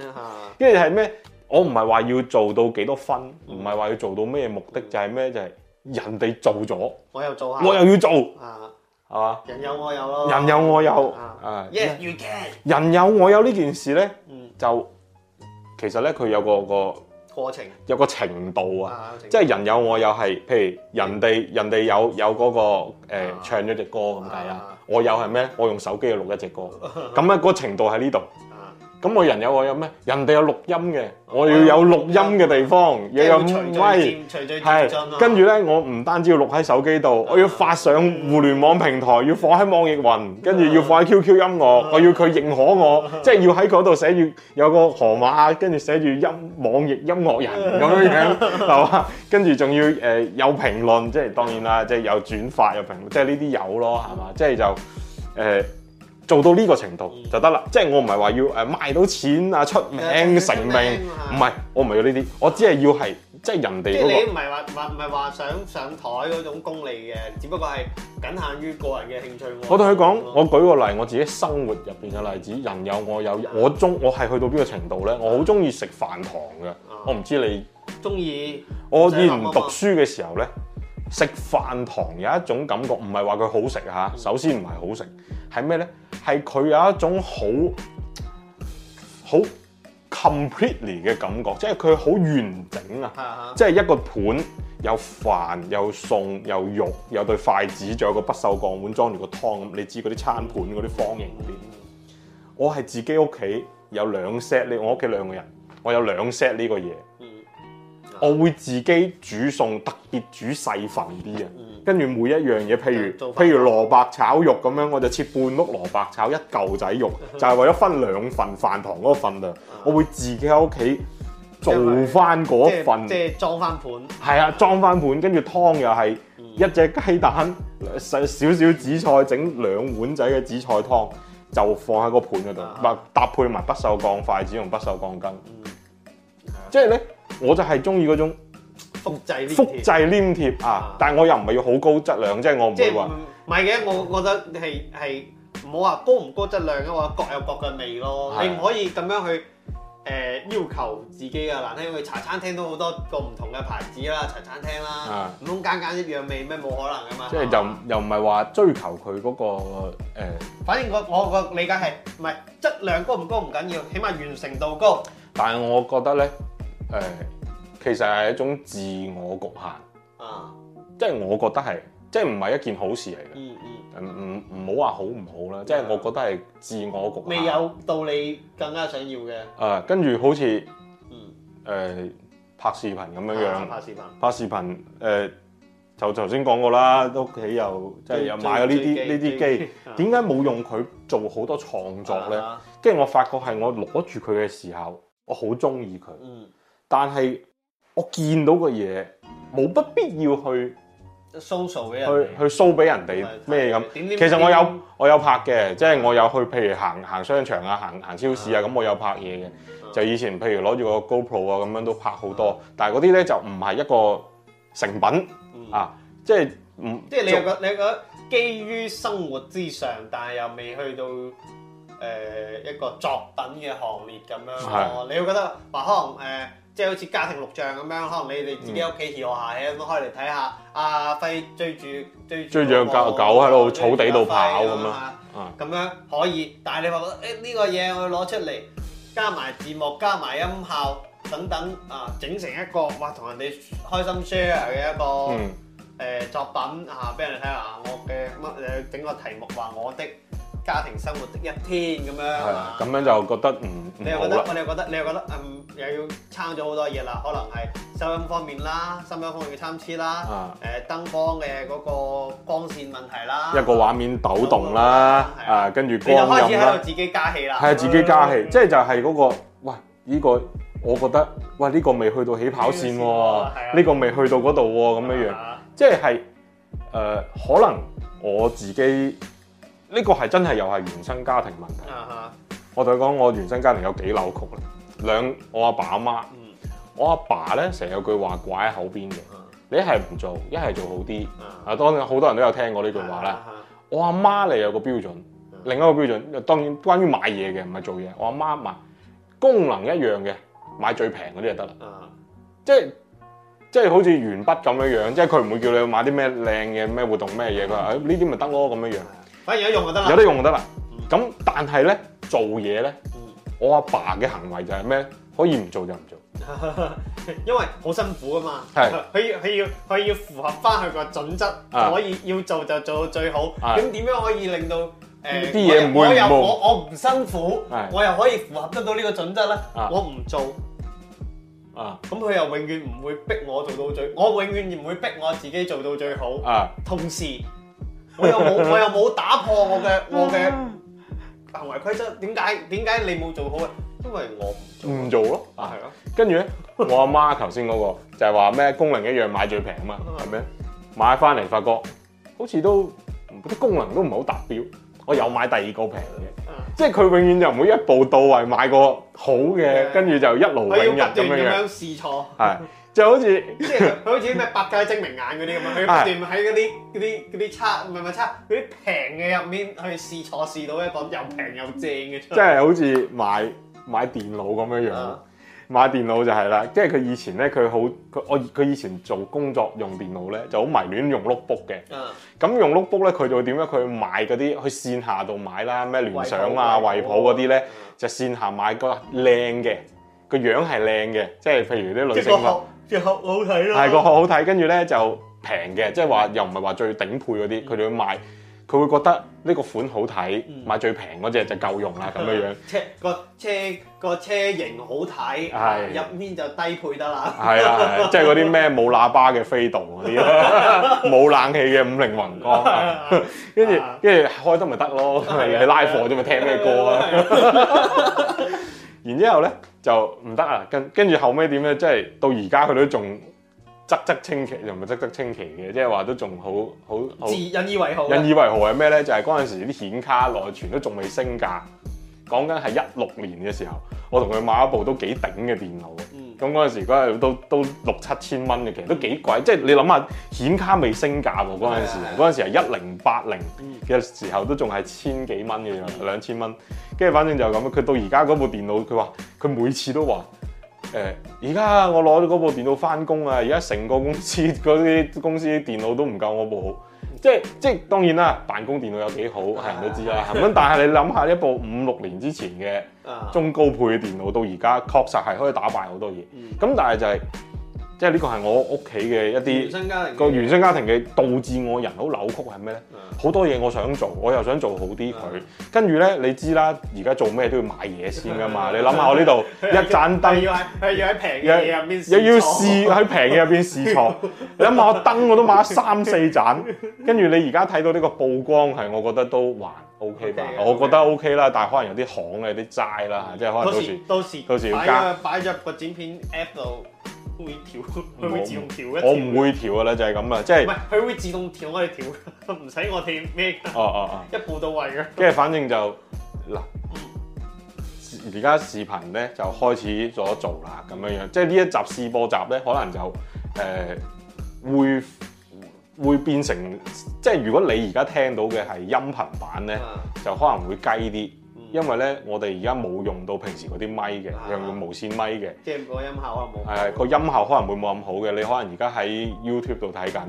跟住係咩？我唔係話要做到幾多分，唔係話要做到咩目的，就係、是、咩就係、是、人哋做咗，我又做下，我又要做，啊，係嘛？人有我有咯，人有我有，啊 Yeah, you can. 人有我有呢件事咧、嗯，就其實咧佢有個個過程，有個程度啊，度即係人有我有係，譬如人哋人哋有有嗰、那個、呃啊、唱咗隻歌咁計啊是，我有係咩？我用手機去錄一隻歌，咁、啊、咧、那個程度喺呢度。咁我人有我有咩？人哋有錄音嘅，我要有錄音嘅地方，又、哦、有，要有隨隨喂，係跟住咧，我唔單止要錄喺手機度，我要發上互聯網平台，要放喺網易雲，跟住要放喺 QQ 音樂，我要佢認可我，即係要喺嗰度寫住有個河馬，跟住寫住音網易音樂人咁樣樣，係 嘛？ 跟住仲要誒有評論，即係當然啦，即、就、係、是、有轉發有評論，即係呢啲有咯，係嘛？即係就，是就呃做到呢個程度就得啦、嗯，即係我唔係話要誒賣到錢啊、出名，出名成名。唔係，我唔係要呢啲、嗯，我只係要係、就是那個、即係人哋嗰你唔係話話唔係話想上台嗰種功利嘅，只不過係僅限於個人嘅興趣。我同佢講，我舉個例，我自己生活入邊嘅例子，人有我有，嗯、我中我係去到邊個程度咧、嗯？我好中意食飯堂嘅、嗯，我唔知你中意。我以前讀書嘅時候咧，食飯堂有一種感覺，唔係話佢好食嚇、嗯，首先唔係好食，係咩咧？係佢有一種好好 completely 嘅感覺，即係佢好完整啊！啊即係一個盤有飯有餸有，有肉有對筷子，仲有個不鏽鋼碗裝住個湯咁。你知嗰啲餐盤嗰啲方形嗰啲，我係自己屋企有兩 set，你我屋企兩個人，我有兩 set 呢個嘢。我會自己煮餸，特別煮細份啲啊！跟住每一樣嘢，譬如譬如蘿蔔炒肉咁樣，我就切半碌蘿蔔炒一嚿仔肉，就係為咗分兩份飯堂嗰份量。 我會自己喺屋企做翻嗰份，即係裝翻盤。係啊，裝翻盤，跟住湯又係一隻雞蛋，細少少紫菜，整兩碗仔嘅紫菜湯，就放喺個盤度， 搭配埋不鏽鋼筷子同不鏽鋼筋。 即係呢，我就係中意嗰種。複製黏貼，複製黏貼啊，啊！但係我又唔係要好高質量，不即係我唔會話。唔係嘅，我覺得係係唔好話高唔高質量啊嘛，各有各嘅味咯，啊。你唔可以咁樣去誒、呃、要求自己啊！難聽啲，因為茶餐廳都好多個唔同嘅牌子啦，茶餐廳啦，唔通間間一樣味咩？冇可能噶嘛！即係又又唔係話追求佢嗰、嗰個、呃、反正我我個理解係唔係質量高唔高唔緊要，起碼完成度高。但係我覺得咧誒。呃其實係一種自我局限啊！即、就、係、是、我覺得係，即係唔係一件好事嚟嘅。嗯嗯。唔唔好話好唔好啦？即、嗯、係、就是、我覺得係自我局限。未有道理更加想要嘅。啊，跟住好似，嗯，誒、呃、拍視頻咁樣樣、啊。拍視頻。拍視頻誒、呃，就頭先講過啦，屋企又即係又買咗呢啲呢啲機，點解冇用佢做好多創作咧？跟、啊、住我發覺係我攞住佢嘅時候，我好鍾意佢。嗯。但係。我見到個嘢冇不必要去 show 俾人，去去 show 俾人哋咩咁？其實我有我有拍嘅，即、嗯、係、就是、我有去，譬如行行商場啊，行行超市啊，咁、嗯、我有拍嘢嘅、嗯。就以前譬如攞住個 GoPro 啊，咁樣都拍好多。嗯、但係嗰啲咧就唔係一個成品、嗯、啊，即係唔即係你又覺你覺得基於生活之上，但係又未去到誒、呃、一個作品嘅行列咁樣。你會覺得話可能誒。呃即係好似家庭錄像咁樣，可能你哋自己屋企揭下嘢咁，開嚟睇下。阿輝追住追住黃輝，追住隻狗喺度草地度跑啊嘛。啊，咁、啊、樣可以，但係你話覺得誒呢個嘢我要攞出嚟，加埋字幕、加埋音效等等啊，整成一個哇，同人哋開心 share 嘅一個誒、嗯欸、作品啊，俾人睇下、啊、我嘅乜誒整個題目話我的。家庭生活的一天咁樣，係啊，咁、啊、樣就覺得嗯，你又覺,覺得，你又覺得，嗯、你又覺得，嗯，又要差咗好多嘢啦，可能係收音方面啦，收音方面嘅參差啦，誒、啊呃、燈光嘅嗰個光線問題啦，啊、一個畫面抖動啦、那個啊，啊，跟住光又開始喺度自己加戲啦，係啊、嗯，自己加戲、嗯，即係就係嗰、那個，喂，呢、這個我覺得，喂，呢、這個未去到起跑線喎、哦，呢、這個未、哦啊這個、去到嗰度喎，咁樣、啊、樣，啊、即係誒、呃，可能我自己。呢、個係真係又係原生家庭問題。Uh -huh. 我同你講，我原生家庭有幾扭曲咧。兩我阿爸阿媽，我阿爸咧成日有句話掛喺口邊嘅，uh -huh. 你係唔做一係做好啲。啊，當然好多人都有聽過呢句話啦。Uh -huh. 我阿媽你有個標準，uh -huh. 另一個標準當然關於買嘢嘅，唔係做嘢。我阿媽買功能一樣嘅買最平嗰啲就得啦，uh -huh. 即即好似鉛筆咁樣樣，即係佢唔會叫你買啲咩靚嘅、咩活動、咩嘢。佢、uh、話 -huh.：，呢啲咪得咯咁樣樣。反正有用就得啦，有得用就得啦。咁、嗯、但係咧做嘢咧、嗯，我阿爸嘅行為就係咩可以唔做就唔做， 因為好辛苦噶嘛。係，佢要佢要佢要符合翻，佢個準則，可以要做就做到最好。咁點樣可以令到誒？啲嘢唔會，我又我我唔辛苦，我又可以符合得到呢個準則啦。我唔做啊，咁佢又永遠唔會逼我做到最，我永遠唔會逼我自己做到最好。啊，同時。我又冇，我又冇打破我嘅我嘅行為規則。點解？點解你冇做好？因為我唔做咯，做啊係咯。跟住咧， 我阿媽頭先嗰個就係話咩功能一樣買最平啊嘛，係咪啊？買翻嚟發覺好似都啲功能都唔係好達標。我又買第二個平嘅， 即係佢永遠就唔會一步到位買個好嘅，跟、okay，住就一路搵入咁樣試錯。係。 就好似即係好似咩百佳精明眼嗰啲咁啊，佢不斷喺嗰啲嗰啲啲差唔係唔係差嗰啲平嘅入面去試錯，試到一個又平又正嘅。即 係好似買買電腦咁樣樣、啊，買電腦就係啦。即係佢以前咧，佢好佢我佢以前做工作用電腦咧，就好迷戀用 notebook 嘅。咁、啊、用 notebook 咧，佢就會點樣？佢買嗰啲去線下度買啦，咩聯想啊、惠普嗰啲咧，就線下買個靚嘅，個樣係靚嘅。即係譬如啲女性只好睇咯，係、嗰個好睇，跟住咧就平嘅，即係話又唔係話最頂配嗰啲，佢哋去買，佢會覺得呢個款好睇，買最平嗰隻就夠用啦咁樣樣。車個車個車型好睇，係、哎、入面就低配得啦。係啊，即係嗰啲咩冇喇叭嘅飛度嗰啲，冇 冷氣嘅五菱宏光，跟住跟住開得咪得咯，係拉貨啫，咪聽咩歌。然之後咧。就唔得啊！跟跟住後尾點咧？即係到而家佢都仲側側清奇，又唔係側側清奇嘅，即係話都仲好好,好。自引以為豪？引以為豪係咩咧？就係嗰陣時啲顯卡、內存都仲未升價，講緊係一六年嘅時候，我同佢買一部都幾頂嘅電腦。嗯咁嗰陣時都，都都六七千蚊嘅，其實都幾貴。即係你諗下，顯卡未升價喎，嗰陣時，嗰陣時係一零八零嘅時候都仲係千幾蚊嘅樣，兩千蚊。跟住反正就係咁，佢到而家嗰部電腦，佢話佢每次都話：誒、呃，而家我攞咗嗰部電腦翻工啊！而家成個公司嗰啲公司電腦都唔夠我部好，即係即係當然啦。辦公電腦有幾好，係人都知啦。咁但係你諗下一部五六年之前嘅。中高配嘅電腦到而家確實係可以打敗好多嘢，咁、嗯、但係就係即係呢個係我屋企嘅一啲原生家庭個原生家庭嘅導致我人好扭曲係咩咧？好、嗯、多嘢我想做，我又想做好啲佢、嗯。跟住咧，你知啦，而家做咩都要買嘢先噶嘛。嗯、你諗下我呢度一盞燈，要喺要喺平嘅嘢入邊，又要試喺平嘅入邊試錯。 你諗下我燈我都買咗三四盞，跟住你而家睇到呢個曝光係，我覺得都還。O、OK、K 吧、OK 啊，我覺得 O、OK、K 啦，OK 啊、但係可能有啲行啦，有啲齋啦，即係可能到時到時擺咗個剪片 App 度會調，佢會自動調嘅。我唔會調噶啦、啊，就係咁啊，即係。唔係，佢會自動調我哋調，唔使我哋咩？哦哦，一步到位噶。跟住，反正就嗱，而 家視頻咧就開始咗做啦，咁樣樣。即係呢一集試播集咧，可能就誒、呃、會。會變成即係如果你而家聽到嘅係音頻版呢、啊，就可能會低啲、嗯，因為呢我哋而家冇用到平時嗰啲咪嘅，用、啊、用無線咪嘅。即、啊、係、這個音效可能冇、啊、會冇咁好嘅。你可能而家喺 YouTube 度睇緊，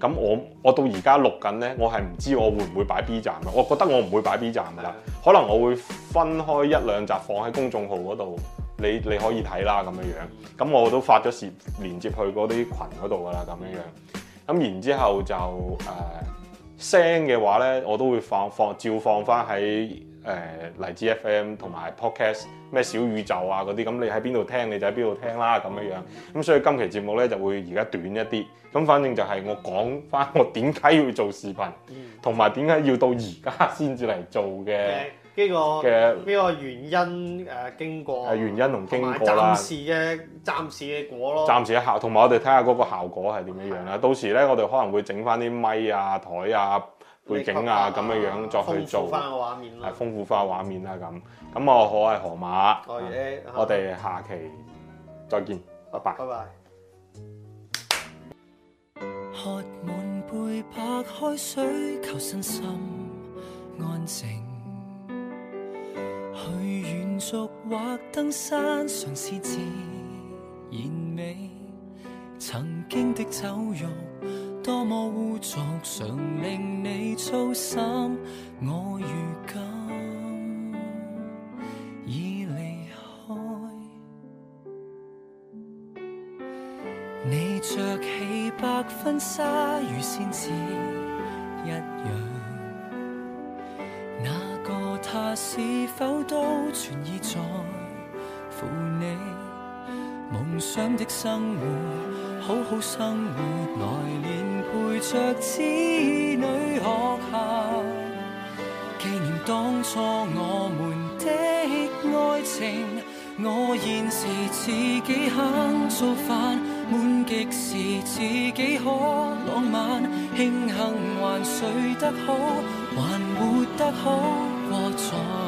咁、嗯、我我到而家錄緊呢，我係唔知我會唔會擺 B 站啊？我覺得我唔會擺 B 站㗎、嗯，可能我會分開一兩集放喺公眾號嗰度，你你可以睇啦咁樣樣。咁我都發咗連接去嗰啲群嗰度㗎啦，咁樣樣。嗯咁然之後就誒聲嘅話咧，我都會放放照放翻喺誒荔枝 FM 同埋 Podcast 咩小宇宙啊嗰啲，咁你喺邊度聽你就喺邊度聽啦咁樣樣。咁、嗯、所以今期節目咧就會而家短一啲。咁反正就係我講翻我點解要做視頻，同埋點解要到而家先至嚟做嘅。呢個嘅呢個原因誒經過，原因同經過啦，暫時嘅暫時嘅果咯。暫時嘅效，同埋我哋睇下嗰個效果係點樣樣啦。到時咧，我哋可能會整翻啲咪啊、枱啊、背景啊咁嘅樣再去做，豐富翻個畫面啦，豐富翻個畫面啦咁。咁我可係河馬，我哋下期再見，拜拜。拜拜。喝滿杯白開水，求身心安靜，去遠足或登山，嘗試自然美。曾經的酒肉，多麼污濁，常令你操心。我如今已離開，你着起白婚紗，如仙子。否都全意在乎你，夢想的生活，好好生活，來年陪着子女學下，紀念當初我們的愛情。我現時自己肯做飯，滿極時自己可浪漫，慶幸還睡得好，還活得好過在。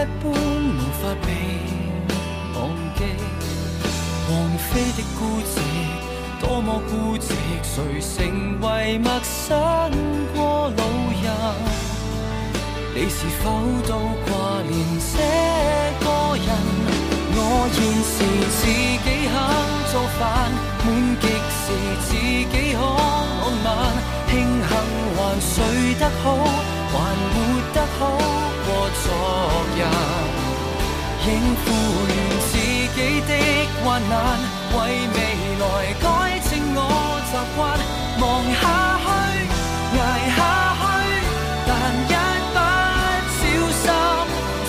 一般無法被忘記，王菲的孤寂多麼孤寂，誰成為陌生過路人？你是否都掛念這個人？我現時自己肯做飯，滿極時自己可浪漫，慶幸還睡得好。還活得好過昨日，應付完自己的困難，為未來改正我習慣，望下去，捱下去，但一不小心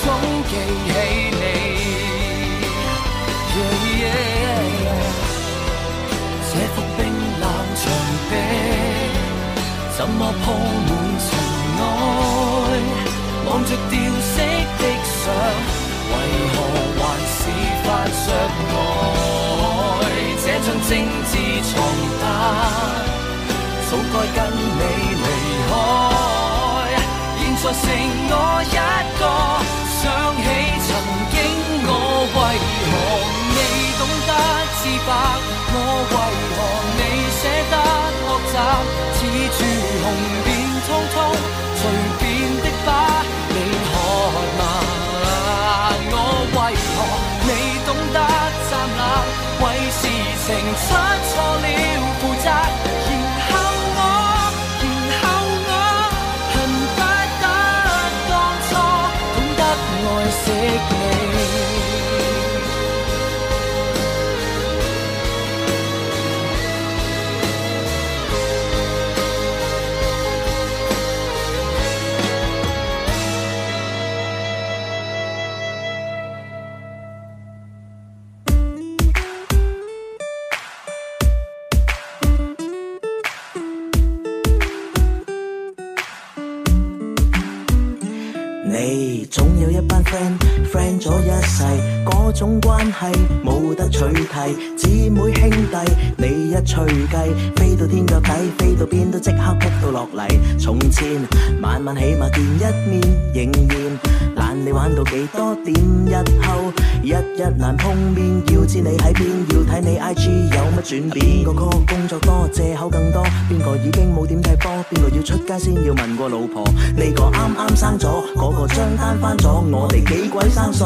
總記起你 yeah yeah。 這幅冰冷牆壁，怎麼碰？望着掉色的相，為何還是發着呆？這張政治床單，早該跟你離開，現在剩我一個。想起曾經，我為何未懂得自拔？關係冇得取替，姊妹兄弟，你一吹計，飛到天腳底，飛到邊都即刻撲到落嚟。從前晚晚起碼見一面，仍然懶你玩到幾多點一，日後日日難碰面，要知你喺邊，要睇你 I G 有乜轉變。個工作多，借口更多，邊個已經冇點睇波，邊個要出街先要問過老婆，呢個啱啱生咗，嗰個張單翻咗，我哋幾鬼生疏。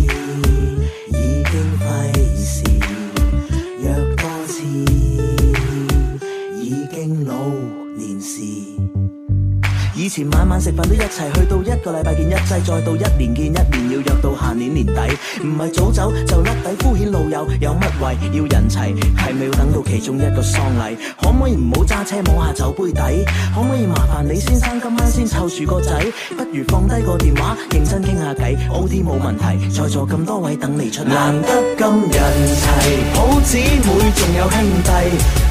晚晚食飯都一齊，去到一個禮拜見一次，再到一年見一面。要約到下年年底。唔係早走就甩底，敷衍老友有乜謂？要人齊，係咪要等到其中一個喪禮？可唔可以唔好揸車摸下酒杯底？可唔可以麻煩李先生今晚先湊住個仔？不如放低個電話，認真傾下偈。O T 冇問題，在座咁多位等你出嚟，難得咁人齊，好姊妹仲有兄弟。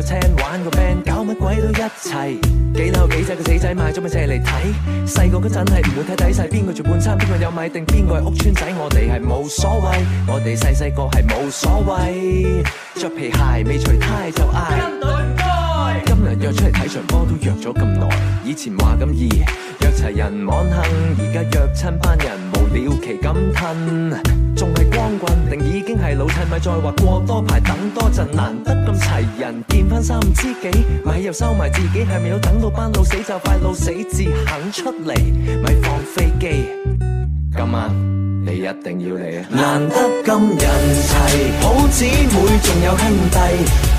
個 friend 玩個 band，搞乜鬼都一齊。幾樓幾仔個死仔買咗部車嚟睇。細個嗰陣係唔會睇底細，邊個住半山，邊個有米定，邊個係屋邨仔，我哋係冇所謂。我哋細細個係冇所謂。着皮鞋未除胎就嗌。跟隊唔該。今日約出嚟睇場波都約咗咁耐，以前話咁易，約齊人網幸，而家約親班人無了期咁吞，仲係。定已經係老曬，咪再話過多排等多陣，難得咁齊人見翻三五知己，咪又收埋自己，係咪要等到班老死就快老死至肯出嚟，咪放飛機？今晚你一定要嚟啊！難得咁人齊，好姊妹仲有兄弟，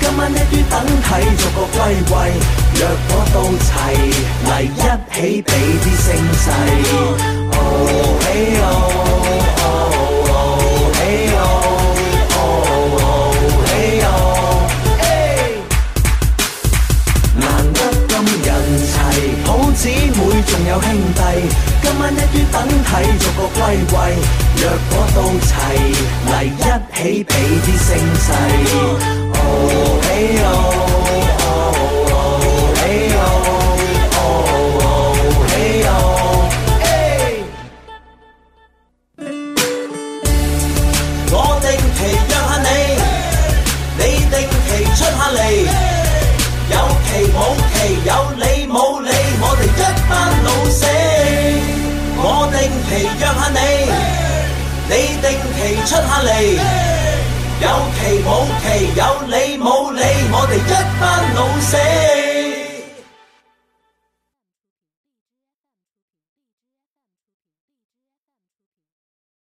今晚一於等睇逐個歸位，若果到齊嚟一起畀啲聲勢。有兄弟，今晚一於等睇，逐個歸位。若果到齊嚟一起，俾啲聲勢。Oh, oh. Hey oh. 奇出下嚟，hey! 有奇冇奇，有你冇你，我哋一班老死。